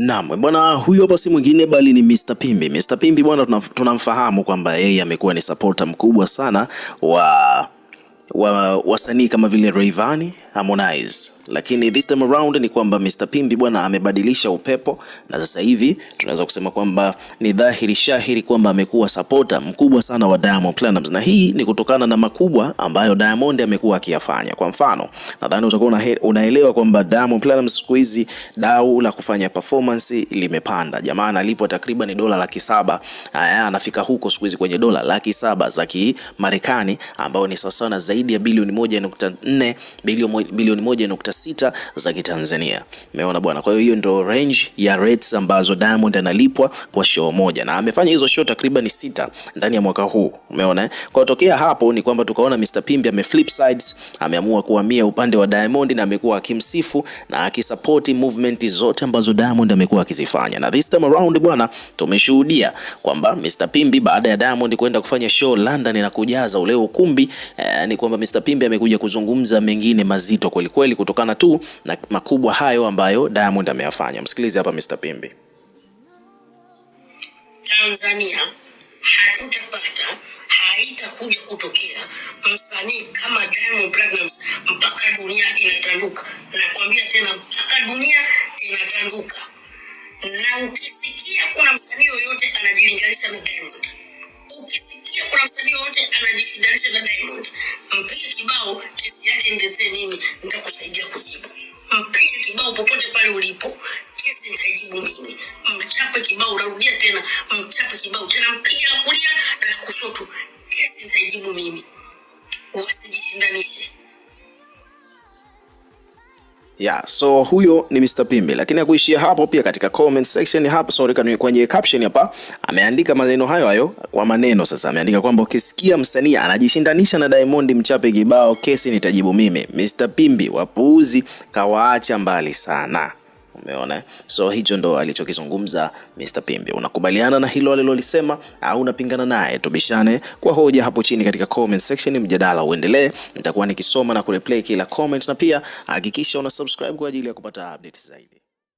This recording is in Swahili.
Naam, bwana huyu hapa si mwingine bali ni Mr. Pimbi. Mr. Pimbi bwana tunamfahamu kwamba yeye amekuwa ni supporter mkubwa sana wa wa wasanii kama vile Rayvanny, Harmonize. Lakini this time around ni kwamba Mr Pimbi bwana amebadilisha upepo na sasa hivi tunaweza kusema kwamba ni dhahiri shahiri kwamba amekuwa supporter mkubwa sana wa Diamond Platnumz, na hii ni kutokana na makubwa ambayo Diamond amekuwa akiyafanya. Kwa mfano, nadhani utakuwa una unaelewa kwamba Diamond Platnumz siku hizi dau la kufanya performance limepanda. Jamaa analipwa takriban dola laki saba. Haya, anafika huko siku hizi kwenye dola laki saba za Kimarekani ambayo ni sawa sana zaidi zaidi ya bilioni moja nukta nne bilioni moja nukta sita za Kitanzania. Umeona bwana, kwa hiyo hiyo ndio range ya rates ambazo Diamond analipwa kwa show moja, na amefanya hizo show takriban sita ndani ya mwaka huu. Umeona eh? kwa tokea hapo ni kwamba tukaona Mr Pimbi ameflip sides, ameamua kuhamia upande wa Diamond na amekuwa akimsifu na akisupport movement zote ambazo Diamond amekuwa akizifanya, na this time around bwana, tumeshuhudia kwamba Mr Pimbi baada ya Diamond kwenda kufanya show London na kujaza ule ukumbi eh, ni kwa kwamba Mr Pimbe amekuja kuzungumza mengine mazito kweli kweli kutokana tu na makubwa hayo ambayo Diamond ameyafanya. Msikilize hapa Mr Pimbe. Tanzania hatutapata, haitakuja kutokea msanii kama Diamond Platnumz mpaka dunia inatanduka. Nakwambia tena, mpaka dunia inatanduka. Na ukisikia kuna msanii yoyote anajilinganisha na Diamond Ukisikia kuna msanii yoyote anajishindanisha na Diamond, mpige kibao, kesi yake niletee mimi, nitakusaidia kujibu. Mpige kibao popote pale ulipo, kesi nitajibu mimi. Mchape kibao, unarudia tena, mchape kibao tena, mpige la kulia na la kushoto, kesi nitajibu mimi. Wasijishindanishe. Yeah, so huyo ni Mr. Pimbi, lakini akuishia hapo. Pia katika comment section hapa, sorry, kwenye caption hapa ameandika maneno hayo hayo kwa maneno. Sasa ameandika kwamba ukisikia msanii anajishindanisha na Diamond mchape kibao, kesi nitajibu mimi. Mr. Pimbi, wapuuzi kawaacha mbali sana. Umeona, so hicho ndo alichokizungumza Mr Pimbi. Unakubaliana na hilo alilolisema au unapingana naye? Tubishane kwa hoja hapo chini katika comment section, mjadala uendelee. Nitakuwa nikisoma na kureplay kila comment, na pia hakikisha una subscribe kwa ajili ya kupata updates zaidi.